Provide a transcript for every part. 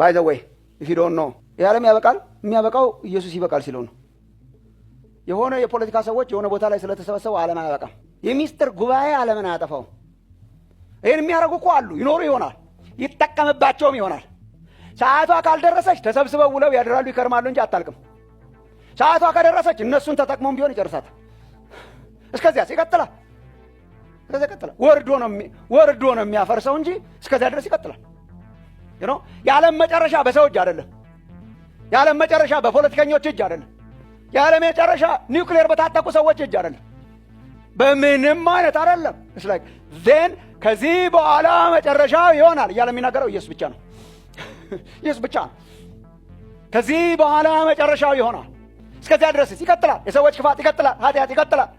ባይ ዘ ወይ ኢፍ ኖ ይህ ዓለም ያበቃል። የሚያበቃው ኢየሱስ ይበቃል ሲለው ነው። የሆነ የፖለቲካ ሰዎች የሆነ ቦታ ላይ ስለተሰበሰቡ ዓለም አያበቃም። የሚስጥር ጉባኤ ዓለምን አያጠፋውም። ይህን የሚያደርጉ እኮ አሉ፣ ይኖሩ ይሆናል፣ ይጠቀምባቸውም ይሆናል። ሰዓቷ ካልደረሰች ተሰብስበው ውለው ያድራሉ፣ ይከርማሉ እንጂ አታልቅም። ሰዓቷ ከደረሰች እነሱን ተጠቅሞም ቢሆን ይጨርሳታል። እስከዚያስ ይቀጥላል። እስከዚያ ይቀጥላል። ወርዶ ነው የሚያፈርሰው እንጂ እስከዚያ ድረስ ይቀጥላል። የዓለም መጨረሻ በሰው እጅ አይደለም። የዓለም መጨረሻ በፖለቲከኞች እጅ አይደለም። የዓለም መጨረሻ ኒውክሌር በታጠቁ ሰዎች እጅ አይደለም። በምንም አይነት አይደለም። ስላይክ ዜን ከዚህ በኋላ መጨረሻ ይሆናል እያለ የሚናገረው ኢየሱስ ብቻ ነው። ኢየሱስ ብቻ ነው። ከዚህ በኋላ መጨረሻው ይሆናል። እስከዚያ ድረስ ይቀጥላል። የሰዎች ክፋት ይቀጥላል። ኃጢአት ይቀጥላል።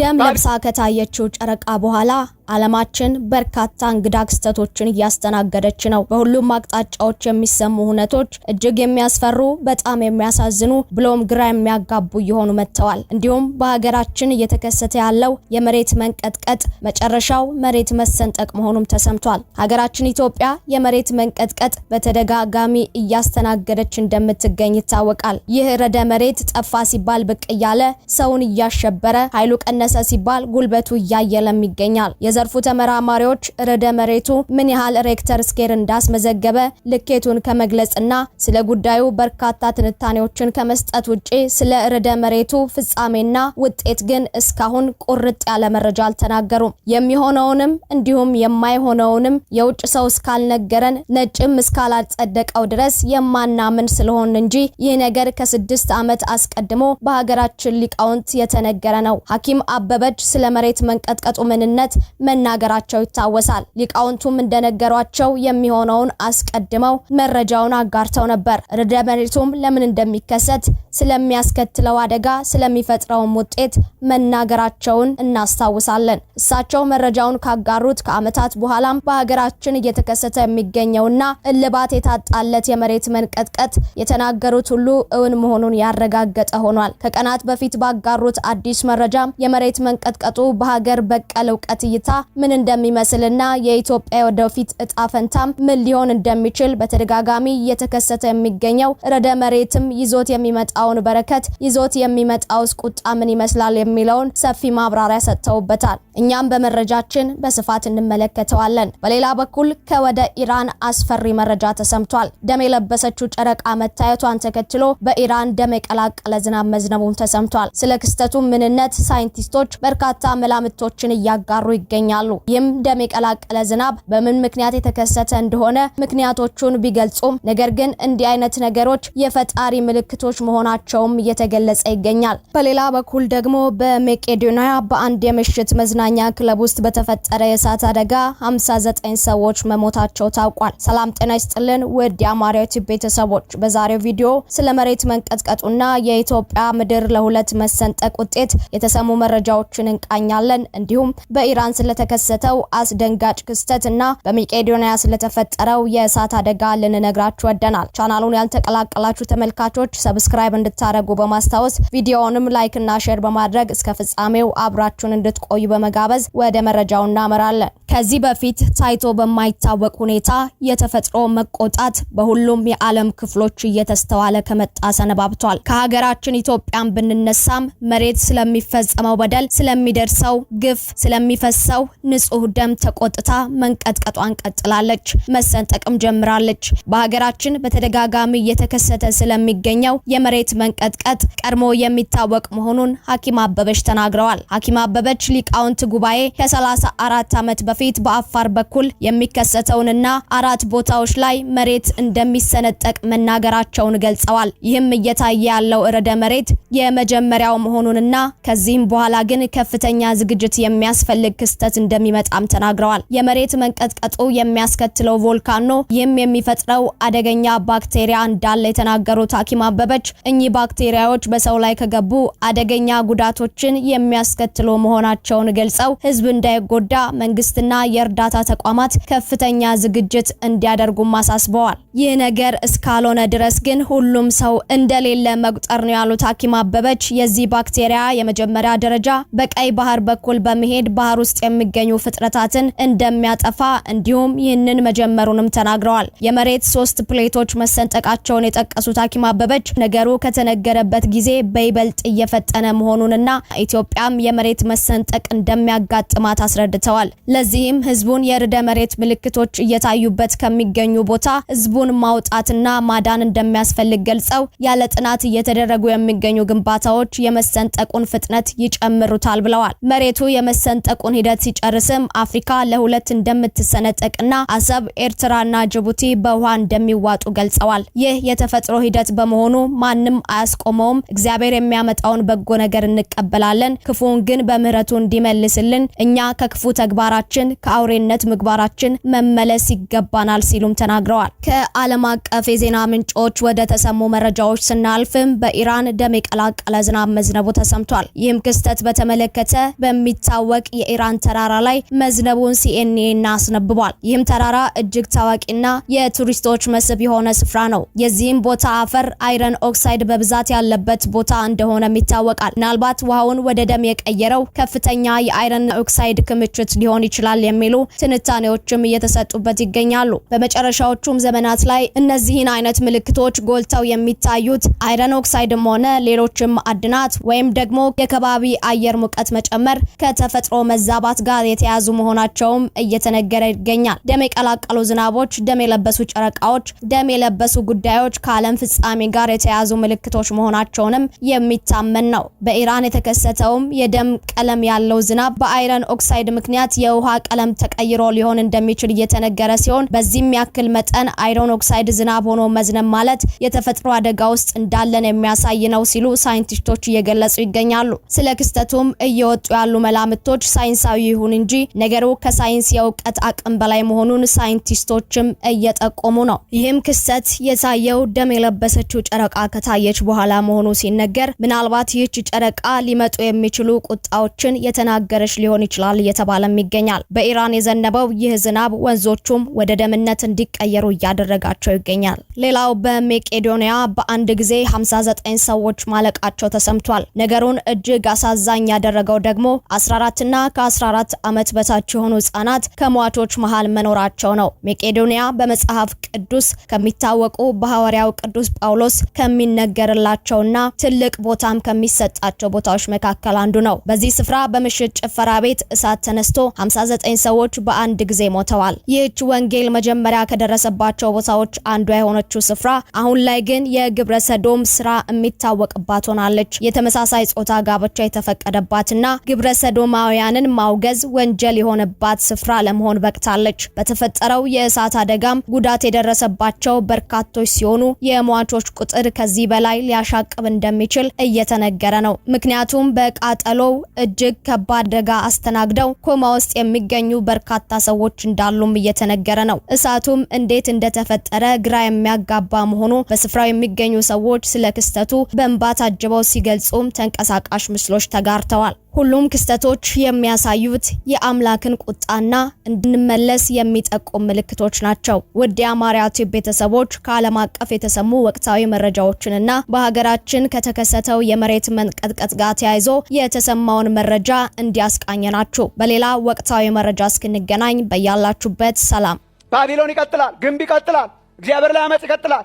ደም ለብሳ ከታየችው ጨረቃ በኋላ ዓለማችን በርካታ እንግዳ ክስተቶችን እያስተናገደች ነው። በሁሉም አቅጣጫዎች የሚሰሙ ሁነቶች እጅግ የሚያስፈሩ፣ በጣም የሚያሳዝኑ ብሎም ግራ የሚያጋቡ እየሆኑ መጥተዋል። እንዲሁም በሀገራችን እየተከሰተ ያለው የመሬት መንቀጥቀጥ መጨረሻው መሬት መሰንጠቅ መሆኑም ተሰምቷል። ሀገራችን ኢትዮጵያ የመሬት መንቀጥቀጥ በተደጋጋሚ እያስተናገደች እንደምትገኝ ይታወቃል። ይህ ረደ መሬት ጠፋ ሲባል ብቅ እያለ ሰውን እያሸበረ ኃይሉ ቀነሰ ሲባል ጉልበቱ እያየለም ይገኛል። የዘርፉ ተመራማሪዎች ርዕደ መሬቱ ምን ያህል ሬክተር ስኬር እንዳስመዘገበ ልኬቱን ከመግለጽና ስለ ጉዳዩ በርካታ ትንታኔዎችን ከመስጠት ውጪ ስለ ርዕደ መሬቱ ፍጻሜና ውጤት ግን እስካሁን ቁርጥ ያለ መረጃ አልተናገሩም። የሚሆነውንም እንዲሁም የማይሆነውንም የውጭ ሰው እስካልነገረን ነጭም እስካላጸደቀው ድረስ የማናምን ስለሆን እንጂ ይህ ነገር ከስድስት ዓመት አስቀድሞ በሀገራችን ሊቃውንት የተነገረ ነው። ሐኪም አበበች ስለ መሬት መንቀጥቀጡ ምንነት መናገራቸው ይታወሳል። ሊቃውንቱም እንደነገሯቸው የሚሆነውን አስቀድመው መረጃውን አጋርተው ነበር። ርዕደ መሬቱም ለምን እንደሚከሰት ስለሚያስከትለው አደጋ፣ ስለሚፈጥረውም ውጤት መናገራቸውን እናስታውሳለን። እሳቸው መረጃውን ካጋሩት ከዓመታት በኋላም በሀገራችን እየተከሰተ የሚገኘውና እልባት የታጣለት የመሬት መንቀጥቀጥ የተናገሩት ሁሉ እውን መሆኑን ያረጋገጠ ሆኗል። ከቀናት በፊት ባጋሩት አዲስ መረጃ የመሬት መንቀጥቀጡ በሀገር በቀል እውቀት እይታ ምን እንደሚመስልና የኢትዮጵያ ወደፊት እጣ ፈንታም ምን ሊሆን እንደሚችል በተደጋጋሚ እየተከሰተ የሚገኘው ረደ መሬትም ይዞት የሚመጣውን በረከት ይዞት የሚመጣውስ ቁጣ ምን ይመስላል የሚለውን ሰፊ ማብራሪያ ሰጥተውበታል። እኛም በመረጃችን በስፋት እንመለከተዋለን። በሌላ በኩል ከወደ ኢራን አስፈሪ መረጃ ተሰምቷል። ደም የለበሰችው ጨረቃ መታየቷን ተከትሎ በኢራን ደም የቀላቀለ ዝናብ መዝነቡን ተሰምቷል። ስለ ክስተቱ ምንነት ሳይንቲስቶች በርካታ መላምቶችን እያጋሩ ይገኛል። ይገኛሉ። ይህም ደም የቀላቀለ ዝናብ በምን ምክንያት የተከሰተ እንደሆነ ምክንያቶቹን ቢገልጹም ነገር ግን እንዲህ አይነት ነገሮች የፈጣሪ ምልክቶች መሆናቸውም እየተገለጸ ይገኛል። በሌላ በኩል ደግሞ በመቄዶንያ በአንድ የምሽት መዝናኛ ክለብ ውስጥ በተፈጠረ የእሳት አደጋ 59 ሰዎች መሞታቸው ታውቋል። ሰላም ጤና ይስጥልን ውድ የአማርያ ዩቲዩብ ቤተሰቦች በዛሬው ቪዲዮ ስለ መሬት መንቀጥቀጡና የኢትዮጵያ ምድር ለሁለት መሰንጠቅ ውጤት የተሰሙ መረጃዎችን እንቃኛለን። እንዲሁም በኢራን ስለ ስለተከሰተው አስደንጋጭ ክስተት እና በመቄዶንያ ስለተፈጠረው የእሳት አደጋ ልንነግራችሁ ወደናል። ቻናሉን ያልተቀላቀላችሁ ተመልካቾች ሰብስክራይብ እንድታደረጉ በማስታወስ ቪዲዮውንም ላይክ እና ሼር በማድረግ እስከ ፍጻሜው አብራችሁን እንድትቆዩ በመጋበዝ ወደ መረጃው እናመራለን። ከዚህ በፊት ታይቶ በማይታወቅ ሁኔታ የተፈጥሮ መቆጣት በሁሉም የዓለም ክፍሎች እየተስተዋለ ከመጣ ሰነባብቷል። ከሀገራችን ኢትዮጵያን ብንነሳም መሬት ስለሚፈጸመው በደል፣ ስለሚደርሰው ግፍ፣ ስለሚፈሰው በመላው ንጹህ ደም ተቆጥታ መንቀጥቀጧን ቀጥላለች፣ መሰንጠቅም ጀምራለች። በሀገራችን በተደጋጋሚ እየተከሰተ ስለሚገኘው የመሬት መንቀጥቀጥ ቀድሞ የሚታወቅ መሆኑን ሐኪም አበበች ተናግረዋል። ሐኪም አበበች ሊቃውንት ጉባኤ ከ34 ዓመት በፊት በአፋር በኩል የሚከሰተውንና አራት ቦታዎች ላይ መሬት እንደሚሰነጠቅ መናገራቸውን ገልጸዋል። ይህም እየታየ ያለው ርዕደ መሬት የመጀመሪያው መሆኑንና ከዚህም በኋላ ግን ከፍተኛ ዝግጅት የሚያስፈልግ ክስተት ክስተት እንደሚመጣም ተናግረዋል። የመሬት መንቀጥቀጡ የሚያስከትለው ቮልካኖ ይህም የሚፈጥረው አደገኛ ባክቴሪያ እንዳለ የተናገሩት ሐኪም አበበች እኚህ ባክቴሪያዎች በሰው ላይ ከገቡ አደገኛ ጉዳቶችን የሚያስከትሉ መሆናቸውን ገልጸው ሕዝብ እንዳይጎዳ መንግስትና የእርዳታ ተቋማት ከፍተኛ ዝግጅት እንዲያደርጉም አሳስበዋል። ይህ ነገር እስካልሆነ ድረስ ግን ሁሉም ሰው እንደሌለ መቁጠር ነው ያሉት ሐኪም አበበች የዚህ ባክቴሪያ የመጀመሪያ ደረጃ በቀይ ባህር በኩል በመሄድ ባህር ውስጥ የሚገኙ ፍጥረታትን እንደሚያጠፋ እንዲሁም ይህንን መጀመሩንም ተናግረዋል። የመሬት ሶስት ፕሌቶች መሰንጠቃቸውን የጠቀሱት ሐኪም አበበች ነገሩ ከተነገረበት ጊዜ በይበልጥ እየፈጠነ መሆኑንና ኢትዮጵያም የመሬት መሰንጠቅ እንደሚያጋጥማት አስረድተዋል። ለዚህም ህዝቡን የርዕደ መሬት ምልክቶች እየታዩበት ከሚገኙ ቦታ ህዝቡን ማውጣትና ማዳን እንደሚያስፈልግ ገልጸው ያለ ጥናት እየተደረጉ የሚገኙ ግንባታዎች የመሰንጠቁን ፍጥነት ይጨምሩታል ብለዋል። መሬቱ የመሰንጠቁን ሂደት ሲጨርስም አፍሪካ ለሁለት እንደምትሰነጠቅና አሰብ፣ ኤርትራና ጅቡቲ በውሃ እንደሚዋጡ ገልጸዋል። ይህ የተፈጥሮ ሂደት በመሆኑ ማንም አያስቆመውም። እግዚአብሔር የሚያመጣውን በጎ ነገር እንቀበላለን። ክፉን ግን በምህረቱ እንዲመልስልን እኛ ከክፉ ተግባራችን ከአውሬነት ምግባራችን መመለስ ይገባናል ሲሉም ተናግረዋል። ከዓለም አቀፍ የዜና ምንጮች ወደ ተሰሙ መረጃዎች ስናልፍም በኢራን ደም የቀላቀለ ዝናብ መዝነቡ ተሰምቷል። ይህም ክስተት በተመለከተ በሚታወቅ የኢራን ተ ተራራ ላይ መዝነቡን ሲኤንኤን አስነብቧል። ይህም ተራራ እጅግ ታዋቂና የቱሪስቶች መስህብ የሆነ ስፍራ ነው። የዚህም ቦታ አፈር አይረን ኦክሳይድ በብዛት ያለበት ቦታ እንደሆነም ይታወቃል። ምናልባት ውሃውን ወደ ደም የቀየረው ከፍተኛ የአይረን ኦክሳይድ ክምችት ሊሆን ይችላል የሚሉ ትንታኔዎችም እየተሰጡበት ይገኛሉ። በመጨረሻዎቹም ዘመናት ላይ እነዚህን አይነት ምልክቶች ጎልተው የሚታዩት አይረን ኦክሳይድም ሆነ ሌሎችም አድናት ወይም ደግሞ የከባቢ አየር ሙቀት መጨመር ከተፈጥሮ መዛባት ጋር የተያዙ መሆናቸውም እየተነገረ ይገኛል። ደም የቀላቀሉ ዝናቦች፣ ደም የለበሱ ጨረቃዎች፣ ደም የለበሱ ጉዳዮች ከዓለም ፍጻሜ ጋር የተያዙ ምልክቶች መሆናቸውንም የሚታመን ነው። በኢራን የተከሰተውም የደም ቀለም ያለው ዝናብ በአይረን ኦክሳይድ ምክንያት የውሃ ቀለም ተቀይሮ ሊሆን እንደሚችል እየተነገረ ሲሆን በዚህም ያክል መጠን አይረን ኦክሳይድ ዝናብ ሆኖ መዝነብ ማለት የተፈጥሮ አደጋ ውስጥ እንዳለን የሚያሳይ ነው ሲሉ ሳይንቲስቶች እየገለጹ ይገኛሉ። ስለ ክስተቱም እየወጡ ያሉ መላምቶች ሳይንሳዊ ይሁን እንጂ ነገሩ ከሳይንስ የእውቀት አቅም በላይ መሆኑን ሳይንቲስቶችም እየጠቆሙ ነው። ይህም ክስተት የታየው ደም የለበሰችው ጨረቃ ከታየች በኋላ መሆኑ ሲነገር ምናልባት ይህች ጨረቃ ሊመጡ የሚችሉ ቁጣዎችን የተናገረች ሊሆን ይችላል እየተባለም ይገኛል። በኢራን የዘነበው ይህ ዝናብ ወንዞቹም ወደ ደምነት እንዲቀየሩ እያደረጋቸው ይገኛል። ሌላው በሜቄዶኒያ በአንድ ጊዜ 59 ሰዎች ማለቃቸው ተሰምቷል። ነገሩን እጅግ አሳዛኝ ያደረገው ደግሞ 14ና ከ14 ከ ዓመት በታች የሆኑ ህጻናት ከሟቾች መሃል መኖራቸው ነው። መቄዶንያ በመጽሐፍ ቅዱስ ከሚታወቁ በሐዋርያው ቅዱስ ጳውሎስ ከሚነገርላቸውና ትልቅ ቦታም ከሚሰጣቸው ቦታዎች መካከል አንዱ ነው። በዚህ ስፍራ በምሽት ጭፈራ ቤት እሳት ተነስቶ 59 ሰዎች በአንድ ጊዜ ሞተዋል። ይህች ወንጌል መጀመሪያ ከደረሰባቸው ቦታዎች አንዷ የሆነችው ስፍራ አሁን ላይ ግን የግብረ ሰዶም ስራ የሚታወቅባት ሆናለች። የተመሳሳይ ጾታ ጋብቻ የተፈቀደባትና ግብረ ሰዶማውያንን ማውገዝ መያዝ ወንጀል የሆነባት ስፍራ ለመሆን በቅታለች። በተፈጠረው የእሳት አደጋም ጉዳት የደረሰባቸው በርካቶች ሲሆኑ የሟቾች ቁጥር ከዚህ በላይ ሊያሻቅብ እንደሚችል እየተነገረ ነው። ምክንያቱም በቃጠሎው እጅግ ከባድ አደጋ አስተናግደው ኮማ ውስጥ የሚገኙ በርካታ ሰዎች እንዳሉም እየተነገረ ነው። እሳቱም እንዴት እንደተፈጠረ ግራ የሚያጋባ መሆኑ በስፍራው የሚገኙ ሰዎች ስለ ክስተቱ በእንባ ታጅበው ሲገልጹም ተንቀሳቃሽ ምስሎች ተጋርተዋል። ሁሉም ክስተቶች የሚያሳዩት መለየት የአምላክን ቁጣና እንድንመለስ የሚጠቁም ምልክቶች ናቸው። ውድ የአማርያ ቲዩብ ቤተሰቦች ከዓለም አቀፍ የተሰሙ ወቅታዊ መረጃዎችንና በሀገራችን ከተከሰተው የመሬት መንቀጥቀጥ ጋር ተያይዞ የተሰማውን መረጃ እንዲያስቃኘናችሁ። በሌላ ወቅታዊ መረጃ እስክንገናኝ በያላችሁበት ሰላም። ባቢሎን ይቀጥላል፣ ግንብ ይቀጥላል፣ እግዚአብሔር ላይ አመፅ ይቀጥላል።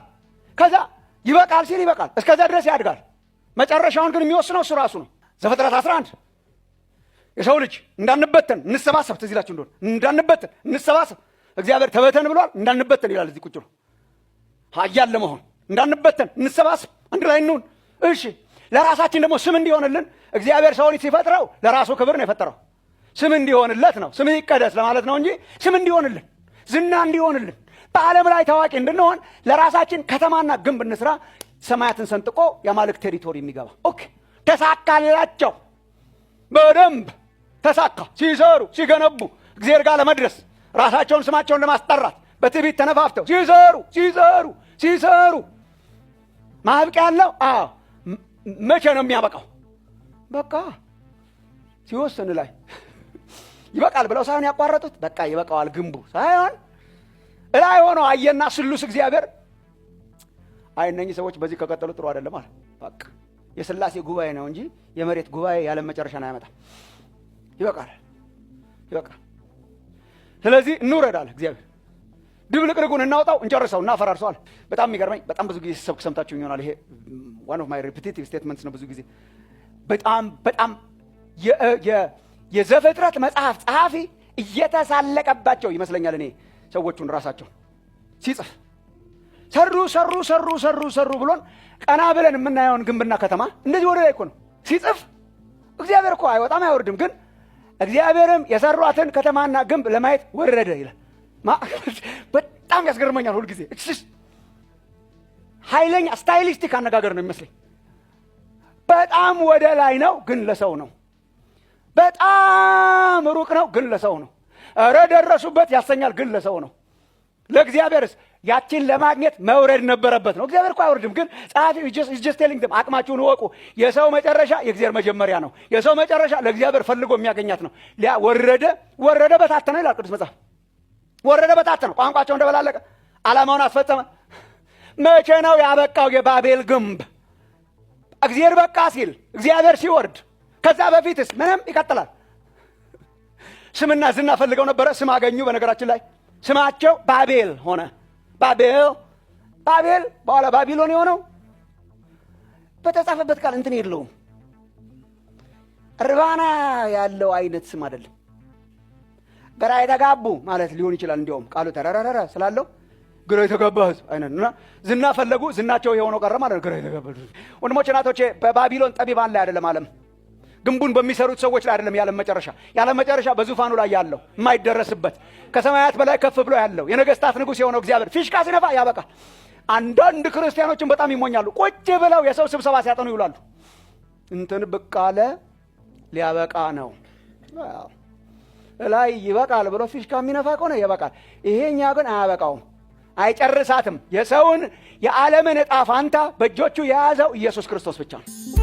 ከዛ ይበቃል ሲል ይበቃል፣ እስከዛ ድረስ ያድጋል። መጨረሻውን ግን የሚወስነው እሱ ራሱ ነው። ዘፍጥረት 11 የሰው ልጅ እንዳንበተን እንሰባሰብ፣ ትዝ ይላችሁ እንደሆነ እንዳንበተን እንሰባሰብ። እግዚአብሔር ተበተን ብሏል፣ እንዳንበተን ይላል። እዚህ ቁጭ ብሎ ሀያል ለመሆን እንዳንበተን እንሰባሰብ፣ አንድ ላይ እንሁን። እሺ፣ ለራሳችን ደግሞ ስም እንዲሆንልን እግዚአብሔር ሰውን ሲፈጥረው ለራሱ ክብር ነው የፈጠረው። ስም እንዲሆንለት ነው፣ ስም ይቀደስ ለማለት ነው እንጂ ስም እንዲሆንልን፣ ዝና እንዲሆንልን፣ በዓለም ላይ ታዋቂ እንድንሆን ለራሳችን ከተማና ግንብ እንስራ። ሰማያትን ሰንጥቆ የአማልክ ቴሪቶሪ የሚገባ ኦኬ፣ ተሳካላቸው በደንብ ተሳካ። ሲሰሩ ሲገነቡ እግዜር ጋር ለመድረስ ራሳቸውን ስማቸውን ለማስጠራት በትዕቢት ተነፋፍተው ሲሰሩ ሲሰሩ ሲሰሩ ማብቂያ አለው? አዎ። መቼ ነው የሚያበቃው? በቃ ሲወስን ላይ ይበቃል ብለው ሳይሆን ያቋረጡት በቃ ይበቃዋል ግንቡ ሳይሆን እላይ ሆኖ አየና ስሉስ እግዚአብሔር አይ እነኚህ ሰዎች በዚህ ከቀጠሉ ጥሩ አይደለም አለ። በቃ ጉባኤ ነው እንጂ የመሬት ጉባኤ ያለ መጨረሻን አያመጣም። ይበቃል፣ ይበቃል። ስለዚህ እንውረዳል። እግዚአብሔር ድብልቅልቁን እናውጣው፣ እንጨርሰው፣ እናፈራርሰዋል። በጣም የሚገርመኝ በጣም ብዙ ጊዜ ሰብክ ሰምታችሁ ይሆናል። ይሄ ዋን ኦፍ ማይ ሪፒቲቲቭ ስቴትመንትስ ነው። ብዙ ጊዜ በጣም በጣም የዘፍጥረት መጽሐፍ ጸሐፊ እየተሳለቀባቸው ይመስለኛል እኔ ሰዎቹን ራሳቸው ሲጽፍ ሰሩ ሰሩ ሰሩ ሰሩ ሰሩ ብሎን ቀና ብለን የምናየውን ግንብና ከተማ እንደዚህ ወደ ላይ እኮ ነው ሲጽፍ። እግዚአብሔር እኮ አይወጣም አይወርድም ግን እግዚአብሔርም የሰሯትን ከተማና ግንብ ለማየት ወረደ ይላል። በጣም ያስገርመኛል። ሁልጊዜ ኃይለኛ ስታይሊስቲክ አነጋገር ነው የሚመስለኝ። በጣም ወደ ላይ ነው፣ ግን ለሰው ነው። በጣም ሩቅ ነው፣ ግን ለሰው ነው። እረ ደረሱበት ያሰኛል፣ ግን ለሰው ነው። ለእግዚአብሔርስ ያችን ለማግኘት መውረድ ነበረበት ነው። እግዚአብሔር እኮ አይወርድም፣ ግን ጸሐፊው ጀስቴሊንግ ደም አቅማችሁን እወቁ። የሰው መጨረሻ የእግዚአብሔር መጀመሪያ ነው። የሰው መጨረሻ ለእግዚአብሔር ፈልጎ የሚያገኛት ነው። ሊያ ወረደ ወረደ በታተነ ይላል ቅዱስ መጽሐፍ። ወረደ በታተነ፣ ቋንቋቸው እንደበላለቀ ዓላማውን አስፈጸመ። መቼ ነው ያበቃው የባቤል ግንብ? እግዚአብሔር በቃ ሲል እግዚአብሔር ሲወርድ፣ ከዛ በፊትስ ምንም ይቀጥላል። ስምና ዝና ፈልገው ነበረ፣ ስም አገኙ። በነገራችን ላይ ስማቸው ባቤል ሆነ። ባቤል ባቤል በኋላ ባቢሎን የሆነው በተጻፈበት ቃል እንትን የለውም ርባና ያለው አይነት ስም አይደለም። ግራ የተጋቡ ማለት ሊሆን ይችላል። እንዲያውም ቃሉ ተረረረረ ስላለው ግራ የተጋባ ሕዝብ አይነት እና ዝና ፈለጉ ዝናቸው የሆነው ቀረ ማለት ግራ የተጋባ ወንድሞች እናቶቼ፣ በባቢሎን ጠቢባን ላይ አይደለም አለም ግንቡን በሚሰሩት ሰዎች ላይ አይደለም። ያለ መጨረሻ ያለ መጨረሻ በዙፋኑ ላይ ያለው የማይደረስበት ከሰማያት በላይ ከፍ ብሎ ያለው የነገስታት ንጉሥ የሆነው እግዚአብሔር ፊሽካ ሲነፋ ያበቃል። አንዳንድ ክርስቲያኖችን በጣም ይሞኛሉ። ቁጭ ብለው የሰው ስብሰባ ሲያጠኑ ይውላሉ። እንትን ብቅ አለ ሊያበቃ ነው ላይ ይበቃል ብሎ ፊሽካ የሚነፋ ከሆነ ይበቃል። ይሄኛ ግን አያበቃውም፣ አይጨርሳትም። የሰውን የዓለምን ዕጣ ፋንታ በእጆቹ የያዘው ኢየሱስ ክርስቶስ ብቻ ነው።